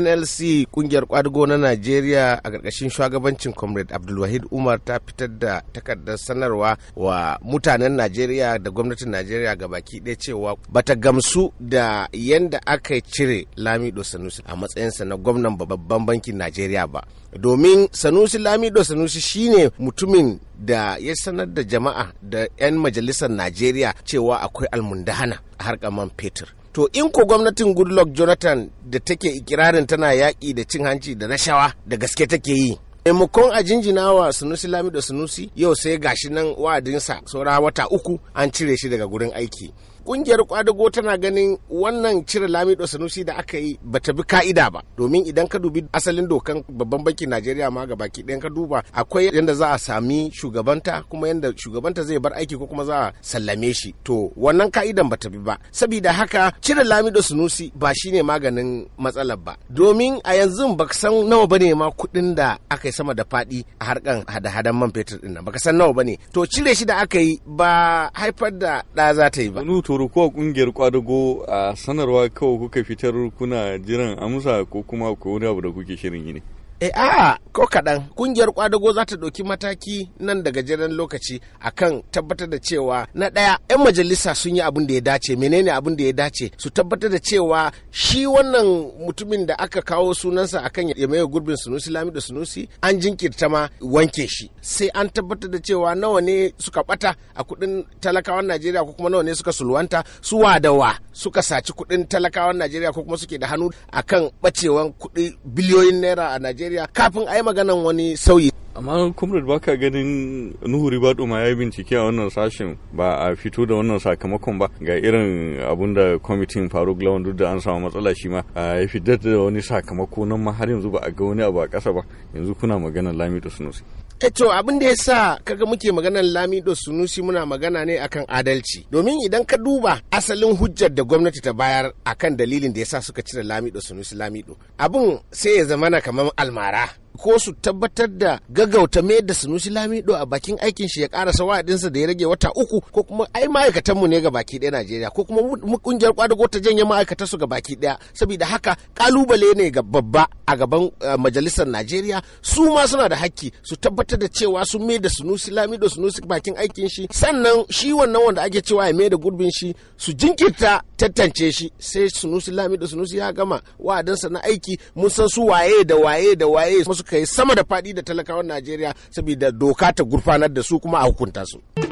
nlc kungiyar kwadugo na najeriya a ƙarƙashin shugabancin comrade abdulwahid umar ta fitar da takardar sanarwa wa mutanen najeriya da gwamnatin najeriya ga baki ɗaya cewa bata gamsu da yadda aka cire lamido sanusi a matsayinsa na gwamnan babban bankin najeriya ba domin sanusi lamido sanusi shine mutumin da ya sanar da jama'a da 'yan majalisar najeriya cewa akwai almundahana a harkar man fetur to in ko gwamnatin goodluck jonathan da take ikirarin tana yaƙi da cin hanci da rashawa da gaske take yi maimakon a jinjina wa sunusi lamido sunusi yau sai gashi nan wa'adinsa saura wata uku an cire shi daga gurin aiki kungiyar kwadago tana ganin wannan cire lamido sanusi da aka yi bata bi ka'ida ba domin idan ka dubi asalin dokan babban bankin najeriya ma ga baki ɗayan ka duba akwai yadda za a sami shugabanta kuma yadda shugabanta zai bar aiki ko kuma za a sallame shi to wannan ka'idan bata bi ba saboda haka cire lamido sanusi ba shine maganin matsalar ba domin a yanzu ka san nawa bane ma kuɗin da aka yi sama da faɗi a harkan hada-hadan man fetur ɗin nan ka san nawa bane to cire shi da aka yi ba haifar da ɗa za ta yi ba Toro ko kungiyar kwadago a sanarwa kawai kuka fitar kuna jiran amsa ko kuma ku wani abu da kuke shirin yi ne? E eh, a ah, ko kaɗan ƙungiyar kwadago za ta ɗauki mataki nan daga jiran lokaci akan tabbatar da cewa na ɗaya 'yan majalisa sun yi abin da ya dace menene abin da ya dace su tabbatar da cewa shi wannan mutumin da aka kawo sunansa akan ya maye gurbin sunusi lami da sunusi an jinkirta ma wanke shi sai an tabbatar da cewa nawa ne suka bata a kuɗin talakawan Najeriya ko kuma nawa ne suka sulwanta su wa suka saci kuɗin talakawan Najeriya ko kuma suke da hannu akan bacewan kuɗi biliyoyin naira a Najeriya najeriya kafin a yi maganan wani sauyi amma kumrad baka ganin nuhu ribado ma ya yi bincike a wannan sashen ba a fito da wannan sakamakon ba ga irin abun da kwamitin faruk lawan duk da an samu matsala shi ma a ya fitar da wani sakamako nan ma har yanzu ba a ga wani abu a ƙasa ba yanzu kuna maganan lamido sunusi Eh, to abin da ya sa kaga muke maganar lamido sunusi muna magana ne akan adalci domin idan ka duba asalin hujjar da gwamnati ta bayar akan dalilin da ya sa suka cire lamido sunusi lamido abin sai ya zamana kamar almara ko su tabbatar da gaggauta mai da Sunusi Lamido a bakin aikin shi ya karasa wa'adinsa da ya rage wata uku ko kuma ai ma'aikatan mu ne ga baki ɗaya Najeriya ko kuma mu kungiyar kwadago ta janye ma'aikatan su ga baki ɗaya saboda haka kalubale ne ga babba a gaban eh, majalisar Najeriya su ma suna da hakki su tabbatar da cewa sun mai da Sunusi Lamido Sunusi bakin aikin shi sannan shi wannan wanda ake cewa ya mai da gurbin shi su jinkirta tantance shi sai Sunusi Lamido Sunusi ya gama wa'adinsa na aiki mun san su waye da waye da waye suka yi sama da faɗi da talakawan Najeriya saboda doka ta gurfanar da su kuma a hukunta su.